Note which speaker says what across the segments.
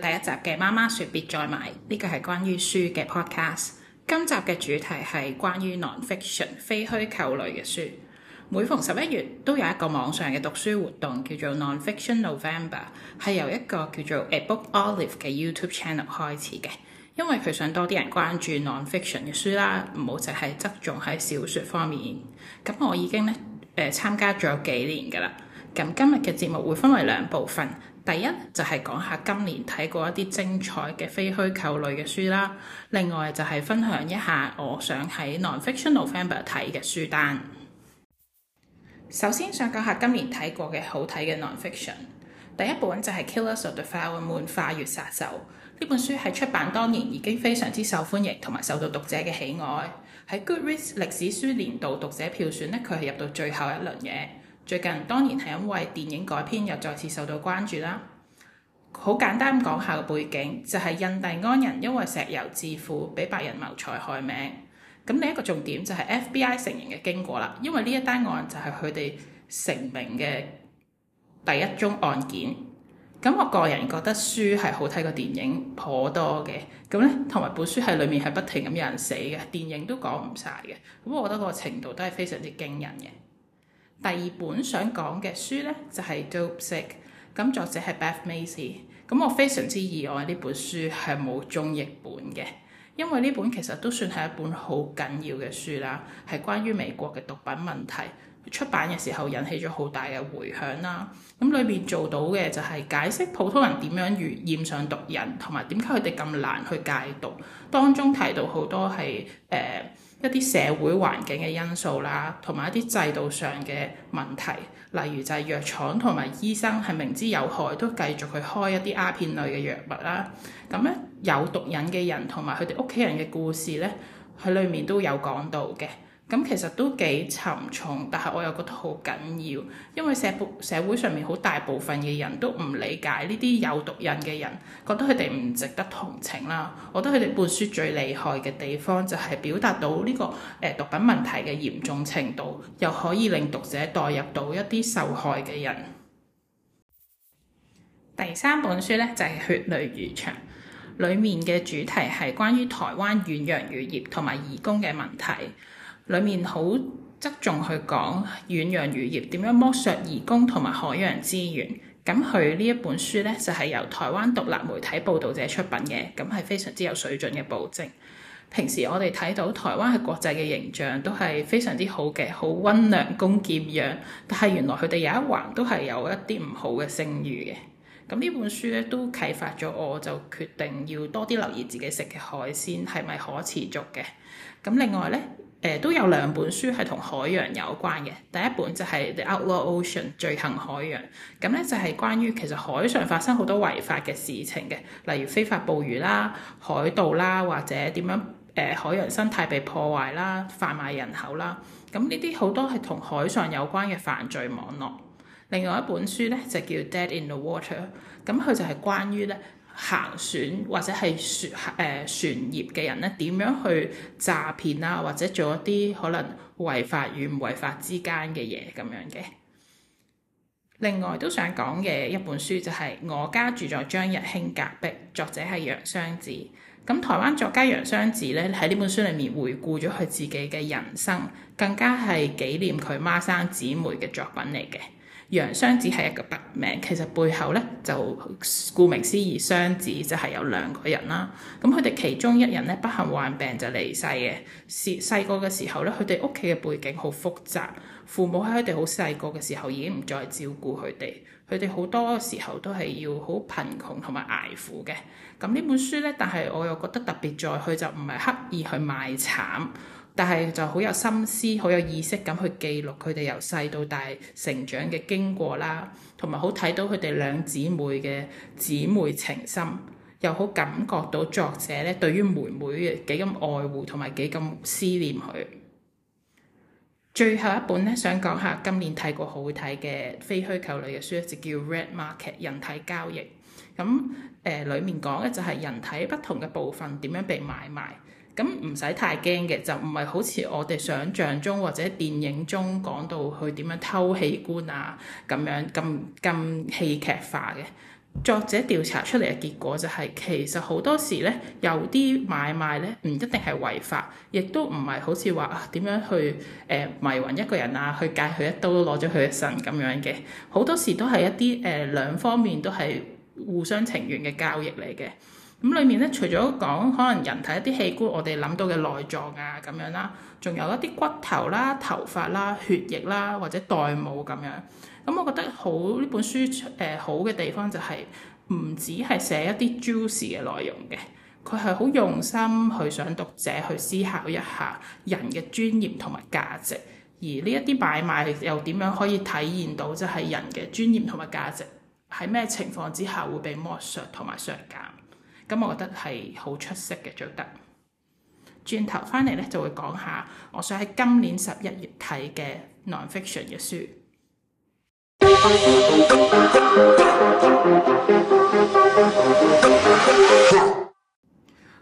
Speaker 1: 第一集嘅媽媽說別再買，呢個係關於書嘅 podcast。今集嘅主題係關於 non-fiction 非虛構類嘅書。每逢十一月都有一個網上嘅讀書活動，叫做 Non-fiction November，係由一個叫做 A Book Olive 嘅 YouTube channel 開始嘅，因為佢想多啲人關注 non-fiction 嘅書啦，唔好就係側重喺小説方面。咁我已經咧誒參加咗幾年㗎啦。咁今日嘅節目會分為兩部分。第一就係、是、講下今年睇過一啲精彩嘅非虛構類嘅書啦，另外就係分享一下我想喺 Nonfiction November 睇嘅書單。首先想講下今年睇過嘅好睇嘅 Nonfiction，第一本就係、是、Killers of the Flower Moon 花月殺手。呢本書喺出版當年已經非常之受歡迎，同埋受到讀者嘅喜愛。喺 Goodreads 歷史書年度讀者票選呢，佢係入到最後一輪嘅。最近當然係因為電影改編又再次受到關注啦。好簡單講下個背景，就係印第安人因為石油致富，俾白人謀財害命。咁另一個重點就係 FBI 成型嘅經過啦。因為呢一單案就係佢哋成名嘅第一宗案件。咁我個人覺得書係好睇過電影，頗多嘅。咁咧，同埋本書係裡面係不停咁有人死嘅，電影都講唔晒嘅。咁我覺得嗰個程度都係非常之驚人嘅。第二本想講嘅書呢、就係，就係《Dopesick》，咁作者係 Beth Macy。咁我非常之意外呢本書係冇中譯本嘅，因為呢本其實都算係一本好緊要嘅書啦，係關於美國嘅毒品問題。出版嘅時候引起咗好大嘅迴響啦。咁裏面做到嘅就係解釋普通人點樣如染上毒癮，同埋點解佢哋咁難去戒毒。當中提到好多係誒。呃一啲社會環境嘅因素啦，同埋一啲制度上嘅問題，例如就係藥廠同埋醫生係明知有害都繼續去開一啲阿片類嘅藥物啦。咁咧，有毒癮嘅人同埋佢哋屋企人嘅故事咧，喺裏面都有講到嘅。咁其實都幾沉重，但係我又覺得好緊要，因為社部社會上面好大部分嘅人都唔理解呢啲有毒癮嘅人，覺得佢哋唔值得同情啦。我覺得佢哋本書最厲害嘅地方就係表達到呢、這個誒毒品問題嘅嚴重程度，又可以令讀者代入到一啲受害嘅人。第三本書呢，就係、是《血淚漁場》，裡面嘅主題係關於台灣遠洋漁業同埋義工嘅問題。裡面好側重去講遠洋漁業點樣剝削移工同埋海洋資源。咁佢呢一本書呢，就係由台灣獨立媒體報導者出品嘅，咁係非常之有水準嘅保證。平時我哋睇到台灣係國際嘅形象都係非常之好嘅，好溫良恭儉讓。但係原來佢哋有一環都係有一啲唔好嘅聲譽嘅。咁呢本書呢，都啟發咗我，就決定要多啲留意自己食嘅海鮮係咪可持續嘅。咁另外呢。誒都有兩本書係同海洋有關嘅，第一本就係 The Outlaw Ocean 罪行海洋，咁咧就係關於其實海上發生好多違法嘅事情嘅，例如非法捕魚啦、海盜啦，或者點樣誒、呃、海洋生態被破壞啦、販賣人口啦，咁呢啲好多係同海上有關嘅犯罪網絡。另外一本書咧就叫 Dead in the Water，咁佢就係關於咧。行船或者係船誒、呃、船業嘅人咧，點樣去詐騙啊？或者做一啲可能違法與唔違法之間嘅嘢咁樣嘅。另外都想講嘅一本書就係、是《我家住在張日興隔壁》，作者係楊雙子。咁台灣作家楊雙子咧喺呢本書裡面回顧咗佢自己嘅人生，更加係紀念佢孖生姊妹嘅作品嚟嘅。楊雙子係一個筆名，其實背後咧就顧名思義，雙子就係有兩個人啦。咁佢哋其中一人咧不幸患病就離世嘅。是細個嘅時候咧，佢哋屋企嘅背景好複雜，父母喺佢哋好細個嘅時候已經唔再照顧佢哋，佢哋好多時候都係要好貧窮同埋挨苦嘅。咁呢本書咧，但係我又覺得特別在佢就唔係刻意去賣慘。但係就好有心思、好有意識咁去記錄佢哋由細到大成長嘅經過啦，同埋好睇到佢哋兩姊妹嘅姊妹情深，又好感覺到作者咧對於妹妹嘅幾咁愛護同埋幾咁思念佢。最後一本咧，想講下今年睇過好睇嘅非虛構類嘅書，就叫《Red Market》人體交易。咁誒、呃，裡面講嘅就係人體不同嘅部分點樣被買賣。咁唔使太驚嘅，就唔係好似我哋想象中或者電影中講到去點樣偷器官啊，咁樣咁咁戲劇化嘅。作者調查出嚟嘅結果就係、是，其實好多時呢，有啲買賣呢唔一定係違法，亦都唔係好似話點樣去誒、呃、迷暈一個人啊，去割佢一刀攞咗佢嘅腎咁樣嘅。好多時都係一啲誒兩方面都係互相情願嘅交易嚟嘅。咁裏面咧，除咗講可能人體一啲器官，我哋諗到嘅內臟啊，咁樣啦，仲有一啲骨頭啦、啊、頭髮啦、啊、血液啦、啊，或者代母咁、啊、樣。咁、嗯、我覺得好呢本書誒、呃、好嘅地方就係、是、唔止係寫一啲 juicy 嘅內容嘅，佢係好用心去想讀者去思考一下人嘅尊嚴同埋價值，而呢一啲買賣又點樣可以體現到就係人嘅尊嚴同埋價值喺咩情況之下會被剝削同埋削減。咁我覺得係好出色嘅，做得。轉頭返嚟呢，就會講下，我想喺今年十一月睇嘅 non-fiction 嘅
Speaker 2: 書。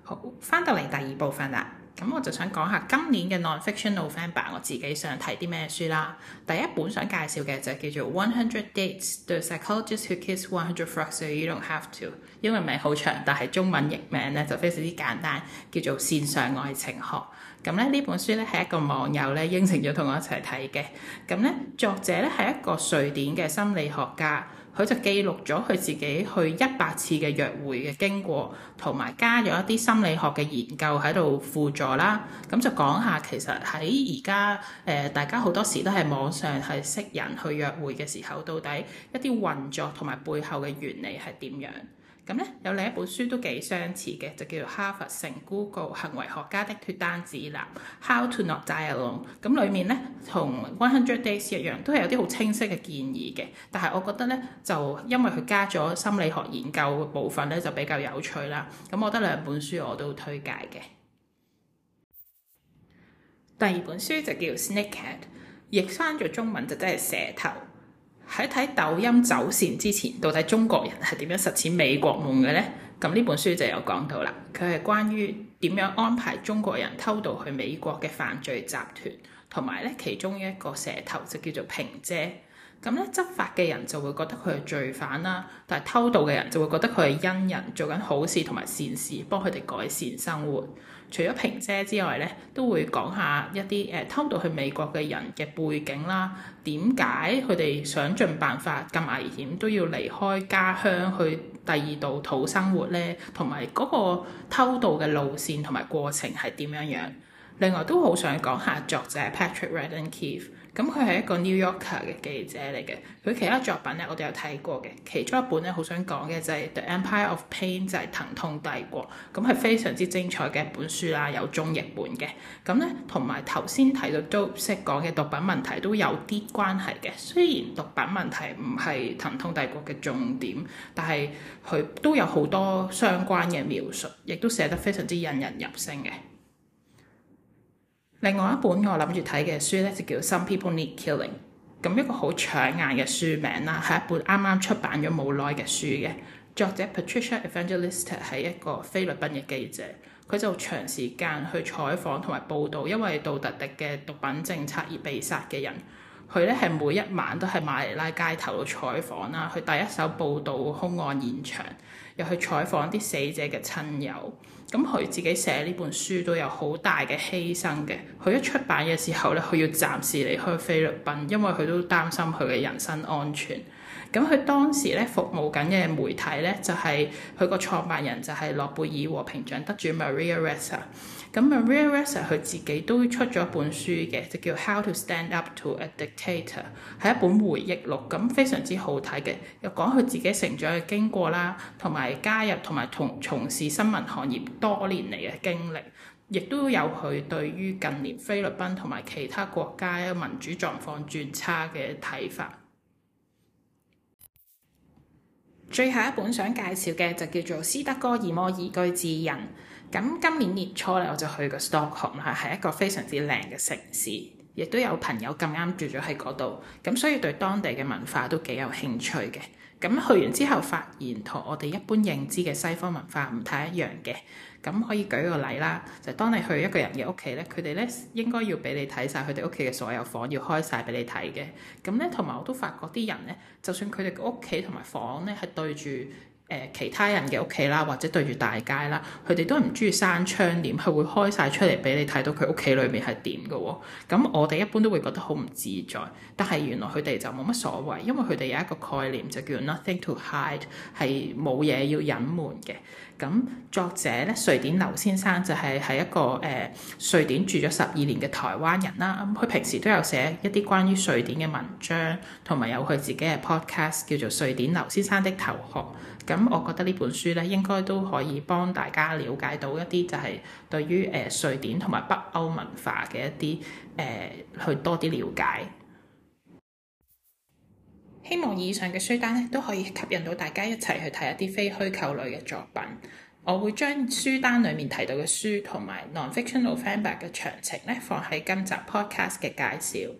Speaker 1: 好，返到嚟第二部分啦。咁我就想講下今年嘅 Non-fiction November，我自己想睇啲咩書啦。第一本想介紹嘅就叫做《One Hundred Dates: The Psychologist Who Kissed One Hundred Frogs So You Don't Have to》，英文名好長，但係中文譯名咧就非常之簡單，叫做線上愛情學。咁咧呢本書咧係一個網友咧應承咗同我一齊睇嘅。咁咧作者咧係一個瑞典嘅心理學家。佢就記錄咗佢自己去一百次嘅約會嘅經過，同埋加咗一啲心理學嘅研究喺度輔助啦。咁就講下其實喺而家誒，大家好多時都係網上係識人去約會嘅時候，到底一啲運作同埋背後嘅原理係點樣？咁咧有另一本書都幾相似嘅，就叫做《哈佛成 Google 行為學家的脫單指南》《How to Not Die Alone》。咁裡面咧同《One Hundred Dates》一樣，都係有啲好清晰嘅建議嘅。但係我覺得咧，就因為佢加咗心理學研究嘅部分咧，就比較有趣啦。咁我覺得兩本書我都推介嘅。第二本書就叫《Snakehead》，譯翻咗中文就真係蛇頭。喺睇抖音走線之前，到底中國人係點樣實踐美國夢嘅呢？咁呢本書就有講到啦，佢係關於點樣安排中國人偷渡去美國嘅犯罪集團，同埋咧其中一個蛇頭就叫做平姐。咁咧執法嘅人就會覺得佢係罪犯啦，但係偷渡嘅人就會覺得佢係恩人，做緊好事同埋善事，幫佢哋改善生活。除咗平姐之外咧，都會講下一啲誒、呃、偷渡去美國嘅人嘅背景啦，點解佢哋想盡辦法咁危險都要離開家鄉去第二度討生活咧，同埋嗰個偷渡嘅路線同埋過程係點樣樣？另外都好想講下作者 Patrick Radden Keefe。咁佢係一個 New Yorker 嘅記者嚟嘅，佢其他作品咧我哋有睇過嘅，其中一本咧好想講嘅就係 The Empire of Pain，就係疼痛帝國。咁係非常之精彩嘅一本書啦，有中譯本嘅。咁咧同埋頭先提到 Dopesick 講嘅毒品問題都有啲關係嘅，雖然毒品問題唔係疼痛帝國嘅重點，但係佢都有好多相關嘅描述，亦都寫得非常之引人入勝嘅。另外一本我諗住睇嘅書咧，就叫 Some People Need Killing，咁一個好搶眼嘅書名啦，係一本啱啱出版咗冇耐嘅書嘅。作者 Patricia Evangelista 係一個菲律賓嘅記者，佢就長時間去採訪同埋報導，因為杜特蒂嘅毒品政策而被殺嘅人，佢咧係每一晚都係馬尼拉街頭採訪啦，去第一手報導兇案現場，又去採訪啲死者嘅親友。咁佢自己寫呢本書都有好大嘅犧牲嘅，佢一出版嘅時候咧，佢要暫時離開菲律賓，因為佢都擔心佢嘅人身安全。咁佢當時咧服務緊嘅媒體咧，就係佢個創辦人就係諾貝爾和平獎得主 Maria Ressa。咁 Maria Ressa 佢自己都出咗一本書嘅，就叫《How to Stand Up to a Dictator》，係一本回憶錄，咁非常之好睇嘅。又講佢自己成長嘅經過啦，同埋加入同埋同從事新聞行業多年嚟嘅經歷，亦都有佢對於近年菲律賓同埋其他國家嘅民主狀況轉差嘅睇法。最後一本想介紹嘅就叫做《斯德哥爾摩宜居指引》。咁今年年初咧，我就去過 Stockholm，係一個非常之靚嘅城市，亦都有朋友咁啱住咗喺嗰度，咁所以對當地嘅文化都幾有興趣嘅。咁去完之後，發現同我哋一般認知嘅西方文化唔太一樣嘅。咁可以舉個例啦，就是、當你去一個人嘅屋企咧，佢哋咧應該要俾你睇晒佢哋屋企嘅所有房，要開晒俾你睇嘅。咁咧，同埋我都發覺啲人咧，就算佢哋嘅屋企同埋房咧係對住。呃、其他人嘅屋企啦，或者對住大街啦，佢哋都唔中意閂窗簾，佢會開晒出嚟俾你睇到佢屋企裏面係點嘅喎。咁我哋一般都會覺得好唔自在，但係原來佢哋就冇乜所謂，因為佢哋有一個概念就叫 nothing to hide，係冇嘢要隱瞞嘅。咁作者咧，瑞典劉先生就係、係、喺一個誒、呃、瑞典住咗十二年嘅台灣人啦。咁佢平時都有寫一啲關於瑞典嘅文章，同埋有佢自己嘅 podcast 叫做《瑞典劉先生的頭殼》。咁、嗯，我覺得呢本書咧，應該都可以幫大家了解到一啲，就係對於誒瑞典同埋北歐文化嘅一啲誒、呃，去多啲了解。希望以上嘅書單咧，都可以吸引到大家一齊去睇一啲非虛構類嘅作品。我會將書單裡面提到嘅書同埋 Non-fiction November 嘅詳情咧，放喺今集 podcast 嘅介紹。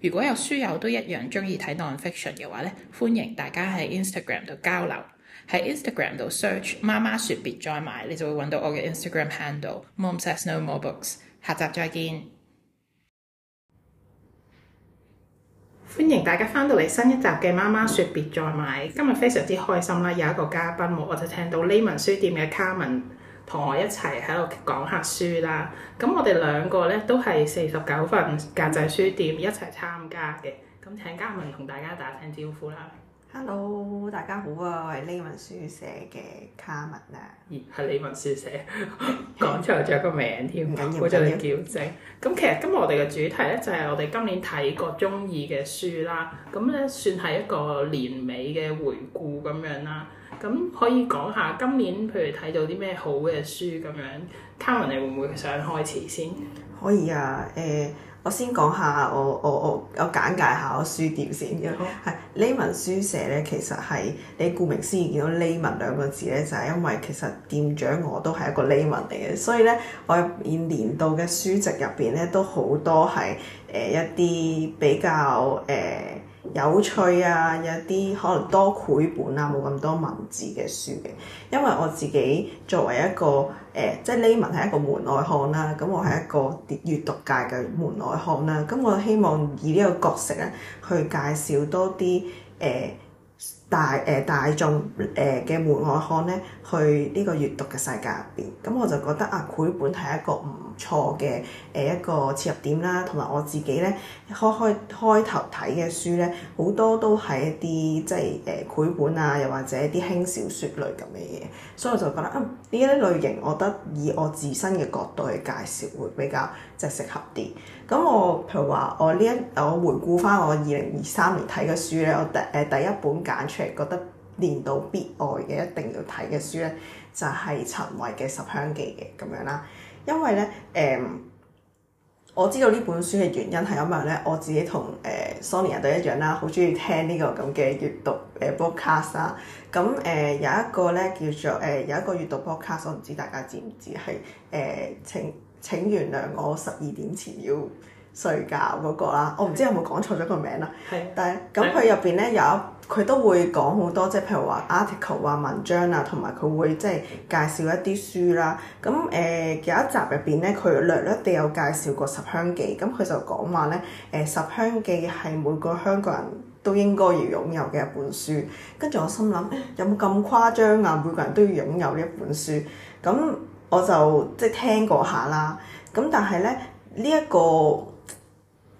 Speaker 1: 如果有書友都一樣中意睇 non-fiction 嘅話咧，歡迎大家喺 Instagram 度交流。喺 Instagram 度 search 媽媽說別再買，你就會揾到我嘅 Instagram handle mom says no more books。下集再見，歡迎大家返到嚟新一集嘅媽媽說別再買。今日非常之開心啦，有一個嘉賓，我就聽到呢文書店嘅 Carmen 同我一齊喺度講下書啦。咁我哋兩個咧都係四十九份格仔書店一齊參加嘅。咁請 Carmen 同大家打聲招呼啦。
Speaker 2: Hello，大家好啊！我係李文書社嘅卡文啊。
Speaker 1: 咦，係李文書社，講錯咗個名添，我再嚟校正。咁其實今日我哋嘅主題咧就係我哋今年睇過中意嘅書啦。咁咧算係一個年尾嘅回顧咁樣啦。咁可以講下今年譬如睇到啲咩好嘅書咁樣？卡文你會唔會想開始先？
Speaker 2: 可以啊，誒、呃。我先講下我我我我簡介下我書店先嘅，係 Lemon 好書社咧，其實係你顧名思義見到 Lemon 兩個字咧，就係、是、因為其實店長我都係一個 Lemon 嚟嘅，所以咧我入面年度嘅書籍入邊咧都好多係誒、呃、一啲比較誒。呃有趣啊，有啲可能多繪本啊，冇咁多文字嘅書嘅，因為我自己作為一個誒、呃、即係呢文係一個門外漢啦、啊，咁我係一個閱讀界嘅門外漢啦、啊，咁我希望以呢個角色咧去介紹多啲誒、呃、大誒、呃、大眾誒嘅、呃、門外漢咧去呢個閱讀嘅世界入邊，咁我就覺得啊繪本係一個唔錯嘅誒一個切入點啦，同埋我自己咧開開開頭睇嘅書咧，好多都係一啲即係誒繪本啊，又或者啲輕小說類咁嘅嘢，所以我就覺得呢一啲類型，我覺得以我自身嘅角度去介紹會比較即係適合啲。咁我譬如話，我，回回我呢一我回顧返我二零二三年睇嘅書咧，我第誒、呃、第一本揀出嚟覺得年度必愛嘅一定要睇嘅書咧，就係、是、陳慧嘅《十香記》嘅咁樣啦。因為咧，誒、嗯，我知道呢本書嘅原因係因為咧，我自己同誒所有人都一樣啦，好中意聽呢個咁嘅閲讀誒 podcast 啊。咁、呃、誒、呃、有一個咧叫做誒、呃、有一個閲讀 podcast，我唔知大家知唔知係誒、呃、請請原諒我十二點前要。睡覺嗰個啦，我、哦、唔知有冇講錯咗個名啦，的但係咁佢入邊咧有，一，佢都會講好多，即係譬如話 article 啊文章啊，同埋佢會即係介紹一啲書啦。咁誒、呃、有一集入邊咧，佢略略地有介紹過十香記，咁佢就講話咧誒十香記係每個香港人都應該要擁有嘅一本書。跟住我心諗有冇咁誇張啊？每個人都要擁有呢一本書，咁我就即係聽過下啦。咁但係咧呢一、這個。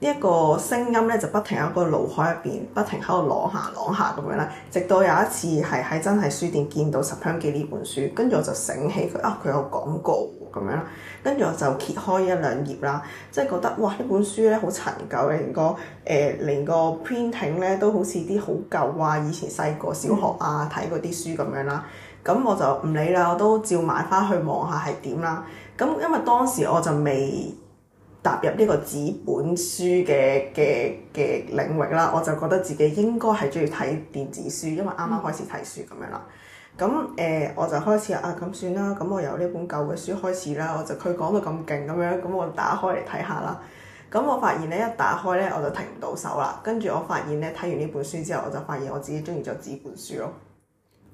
Speaker 2: 一個聲音咧就不停喺個腦海入邊，不停喺度攞下攞下咁樣啦。直到有一次係喺真係書店見到《十香記》呢本書，跟住我就醒起佢啊，佢有廣告咁樣。跟住我就揭開一兩頁啦，即係覺得哇，呢本書咧好陳舊嘅，連個誒、呃、連個 printing 咧都好似啲好舊啊，以前細個小學啊睇嗰啲書咁樣啦。咁我就唔理啦，我都照買翻去望下係點啦。咁因為當時我就未。踏入呢個紙本書嘅嘅嘅領域啦，我就覺得自己應該係中意睇電子書，因為啱啱開始睇書咁樣啦。咁誒、呃，我就開始啊，咁算啦。咁我由呢本舊嘅書開始啦，我就佢講到咁勁咁樣，咁我打開嚟睇下啦。咁我發現咧，一打開咧，我就停唔到手啦。跟住我發現咧，睇完呢本書之後，我就發現我自己中意咗紙本書咯。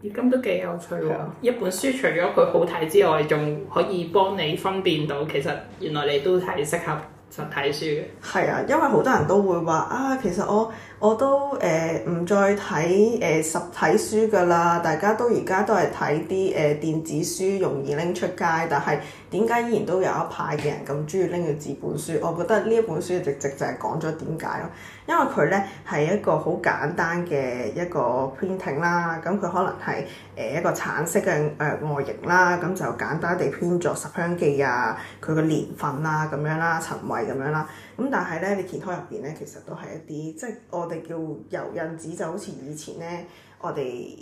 Speaker 2: 而今都幾有趣喎！
Speaker 1: 的一本書除咗佢好睇之外，仲可以幫你分辨到其實原來你都係適合實體書。
Speaker 2: 係啊，因為好多人都會話啊，其實我。我都誒唔、呃、再睇誒實體書㗎啦，大家都而家都係睇啲誒電子書，容易拎出街。但係點解依然都有一派嘅人咁中意拎住紙本書？我覺得呢一本書直直就係講咗點解咯，因為佢咧係一個好簡單嘅一個 printing 啦。咁佢可能係誒一個橙色嘅誒、呃、外形啦，咁就簡單地編咗十香記啊，佢嘅年份啦，咁、啊、樣啦，陳慧咁樣啦。咁但係咧，你鉛開入邊咧，其實都係一啲，即係我哋叫油印紙，就好似以前咧，我哋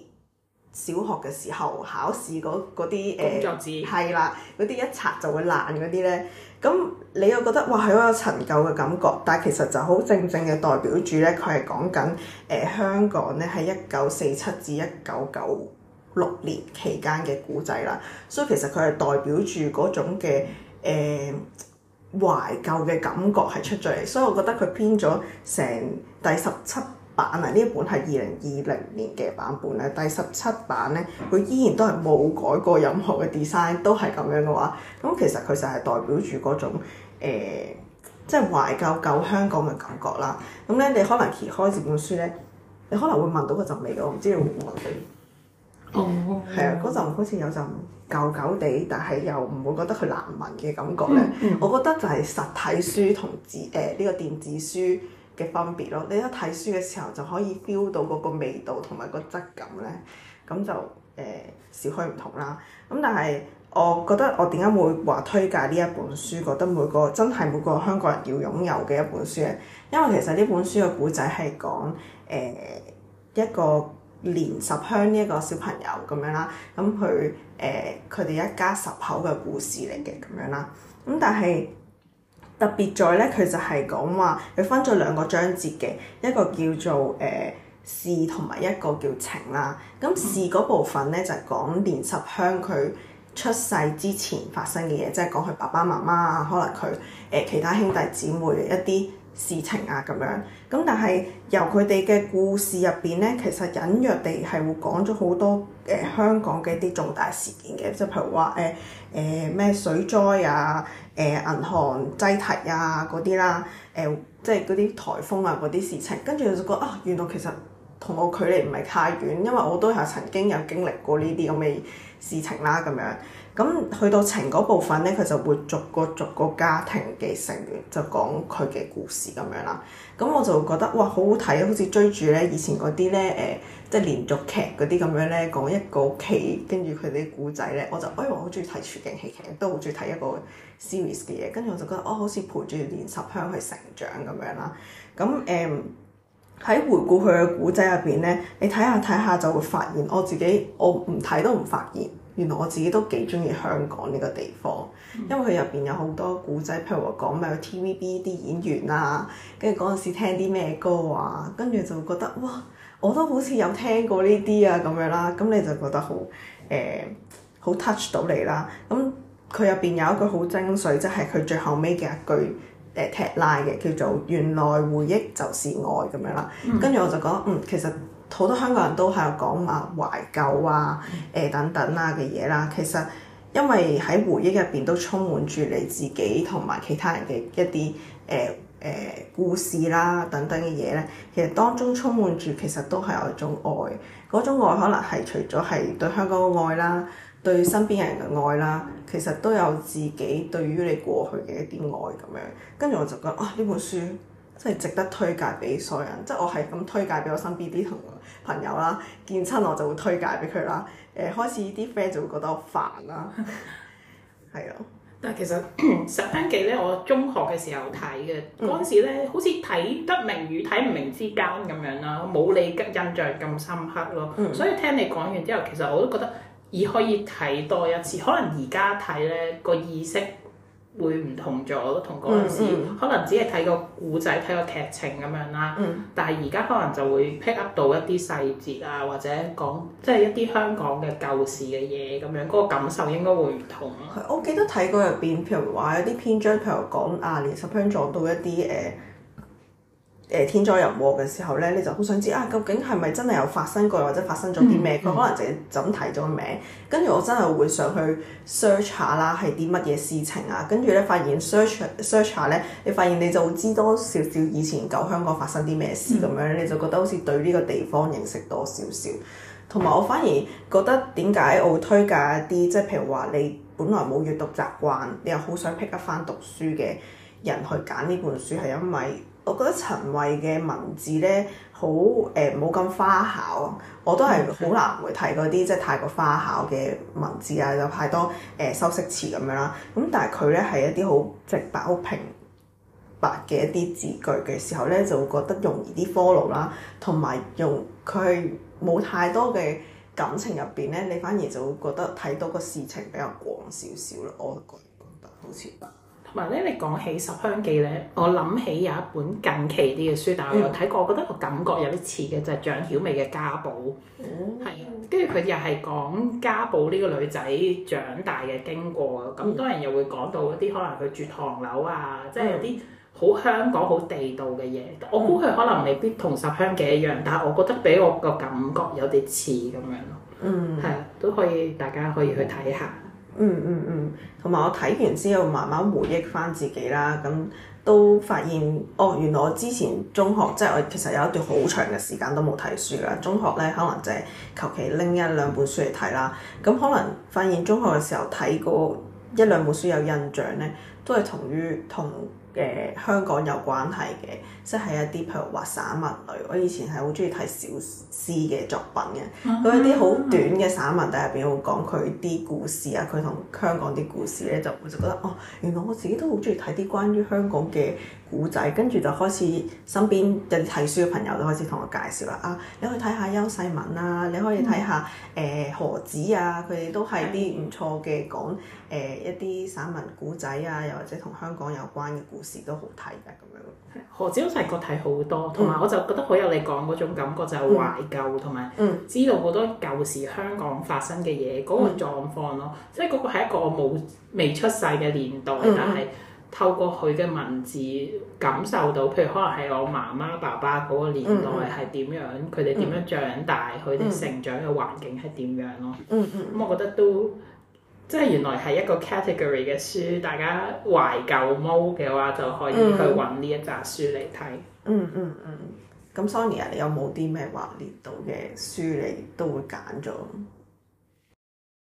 Speaker 2: 小學嘅時候考試嗰啲誒，呃、工作紙係啦，嗰啲一拆就會爛嗰啲咧。咁你又覺得哇，係好有陳舊嘅感覺，但係其實就好正正嘅代表住咧，佢係講緊誒香港咧喺一九四七至一九九六年期間嘅古仔啦。所以其實佢係代表住嗰種嘅誒。呃懷舊嘅感覺係出咗嚟，所以我覺得佢編咗成第十七版啊，呢一本係二零二零年嘅版本咧，第十七版咧佢依然都係冇改過任何嘅 design，都係咁樣嘅話，咁其實佢就係代表住嗰種即係、欸就是、懷舊舊香港嘅感覺啦。咁咧你可能揭開這本書咧，你可能會聞到個陣味㗎，我唔知你會唔會聞到。哦，係啊，嗰陣好似有陣舊舊地，但係又唔會覺得佢難聞嘅感覺咧。 我覺得就係實體書同紙誒呢個電子書嘅分別咯，啊。你一睇書嘅時候就可以 feel 到嗰個味道同埋個質感咧，咁就誒少許唔同啦。咁但係我覺得我點解會話推介呢一本書？覺得每個真係每個香港人要擁有嘅一本書咧，因為其實呢本書嘅故仔係講誒、呃、一個。連十香呢一個小朋友咁樣啦，咁佢，誒佢哋一家十口嘅故事嚟嘅咁樣啦，咁但係特別在咧，佢就係講話佢分咗兩個章節嘅，一個叫做誒、呃、事同埋一個叫情啦。咁事嗰部分咧就係、是、講連十香佢出世之前發生嘅嘢，即係講佢爸爸媽媽啊，可能佢誒、呃、其他兄弟姊妹一啲。事情啊咁樣，咁但係由佢哋嘅故事入邊咧，其實隱約地係會講咗好多誒、呃、香港嘅啲重大事件嘅，即係譬如話誒誒咩水災啊、誒、呃、銀行擠提啊嗰啲啦，誒、呃、即係嗰啲颱風啊嗰啲事情，跟住就覺得啊，原來其實同我距離唔係太遠，因為我都係曾經有經歷過呢啲咁嘅事情啦、啊、咁樣。咁去到情嗰部分咧，佢就會逐個逐個家庭嘅成員就講佢嘅故事咁樣啦。咁我就覺得哇，好好睇，好似追住咧以前嗰啲咧誒，即係連續劇嗰啲咁樣咧，講一個屋企跟住佢哋啲古仔咧，我就哎呀，我好中意睇處境戲劇，都好中意睇一個 series 嘅嘢。跟住我就覺得，我哦、好似陪住連十香去成長咁樣啦。咁誒喺回顧佢嘅古仔入邊咧，你睇下睇下就會發現，我自己我唔睇都唔發現。原來我自己都幾中意香港呢個地方，因為佢入邊有好多古仔，譬如話講咩 TVB 啲演員啊，跟住嗰陣時聽啲咩歌啊，跟住就會覺得哇，我都好似有聽過呢啲啊咁樣啦，咁你就覺得好誒，好、呃、touch 到你啦。咁佢入邊有一句好精髓，即係佢最後尾嘅一句誒 tagline 嘅，叫做原來回憶就是愛咁樣啦。跟住我就覺得嗯，其實。好多香港人都喺度講啊懷舊啊，誒等等啊嘅嘢啦。其實因為喺回憶入邊都充滿住你自己同埋其他人嘅一啲誒誒故事啦等等嘅嘢咧。其實當中充滿住其實都係有一種愛，嗰種愛可能係除咗係對香港嘅愛啦，對身邊人嘅愛啦，其實都有自己對於你過去嘅一啲愛咁樣。跟住我就覺得啊呢本書，真係值得推介俾所有人，即係我係咁推介俾我身邊啲同朋友啦，見親我就會推介俾佢啦。誒、呃，開始啲 friend 就會覺得我煩啦，係啊 的。但係其實《
Speaker 1: 十萬記》咧，我中學嘅時候睇嘅，嗰陣、嗯、時咧好似睇得明與睇唔明之間咁樣啦，冇你嘅印象咁深刻咯。嗯、所以聽你講完之後，其實我都覺得已可以睇多一次。可能而家睇咧個意識。會唔同咗同嗰陣時，嗯嗯，可能只係睇個古仔、睇個劇情咁樣啦。嗯、但係而家可能就會 pick up 到一啲細節啊，或者講即係一啲香港嘅舊時嘅嘢
Speaker 2: 咁樣，嗰、嗰個感受應該會唔同。係。嗯嗯，我記得睇過入邊，譬如話有啲篇章，譬如講啊，連十平撞到一啲誒。呃誒天災人禍嘅時候咧，你就好想知啊，究竟係咪真係有發生過，或者發生咗啲咩？佢、嗯嗯、可能凈係就咁提咗個名，跟住我真係會上去 search 下啦，係啲乜嘢事情啊？跟住咧發現 search search 下咧，你發現你就會知多少少以前舊香港發生啲咩事咁、嗯、樣你就覺得好似對呢個地方認識多少少。同埋我反而覺得點解我會推介一啲即係譬如話你本來冇閲讀習慣，你又好想 pick up 翻讀書嘅人去揀呢本書係因為？我覺得陳慧嘅文字咧，好誒冇咁花巧，我都係好難會睇嗰啲即係太過花巧嘅文字啊，有太多誒、呃、修飾詞咁樣啦。咁但係佢咧係一啲好直白、好平白嘅一啲字句嘅時候咧，就會覺得容易啲 follow 啦，同埋用佢冇太多嘅感情入邊咧，你反而就會覺得睇到個事情比較廣少少咯。我覺得好似
Speaker 1: 同埋咧，你講起《十香記》咧，我諗起有一本近期啲嘅書，但我有睇過，我覺得個感覺有啲似嘅，就係、是、蔣曉薇嘅《家寶》嗯，
Speaker 2: 係，跟
Speaker 1: 住佢又係講家寶呢個女仔長大嘅經過啊。咁多人又會講到一啲可能佢住唐樓啊，即係啲好香港好地道嘅嘢。我估佢可能未必同《十香記》一
Speaker 2: 樣，但係我覺得俾我個感覺有啲似咁樣咯。嗯，係都可以，大家可以去睇下。嗯嗯嗯嗯，同埋我睇完之後慢慢回憶返自己啦，咁都發現哦，原來我之前中學即係我其實有一段好長嘅時間都冇睇書㗎。中學咧可能就係求其拎一兩本書嚟睇啦，咁可能發現中學嘅時候睇過一兩本書有印象咧，都係同於同，誒、呃、香港有關係嘅，即係一啲譬如話散文類，我以前係好中意睇小詩嘅作品嘅，佢、uh huh. 一啲好短嘅散文，但係入邊會講佢啲故事啊，佢同香港啲故事咧，就我就覺得哦，原來我自己都好中意睇啲關於香港嘅古仔，跟住就開始身邊有啲睇書嘅朋友就開始同我介紹啦，啊，你可以睇下邱世文啊，你可以睇下誒、uh huh. 呃、何子啊，佢哋都係啲唔錯嘅講誒一啲散、呃、文古仔啊，又或者同香港有關嘅故事。時都好睇嘅咁
Speaker 1: 樣，何止好細個睇好多，同埋我就覺得好有你講嗰種感覺就，就懷舊同埋知道好多舊時香港發生嘅嘢嗰個狀況咯，嗯、即係嗰個係一個我冇未出世嘅年代，但係透過佢嘅文字感受到，譬如可能係我媽媽爸爸嗰個年代係點樣，佢哋點樣長大，佢哋、嗯、成長嘅環境係點樣咯。咁、嗯嗯、我覺得都～即係原來係一個 category 嘅書，大家懷舊毛嘅話就可以去揾呢一紮書嚟睇。嗯。
Speaker 2: 嗯嗯嗯。咁 Sony 啊，ony, 你有冇啲咩話列到嘅書你都會揀咗？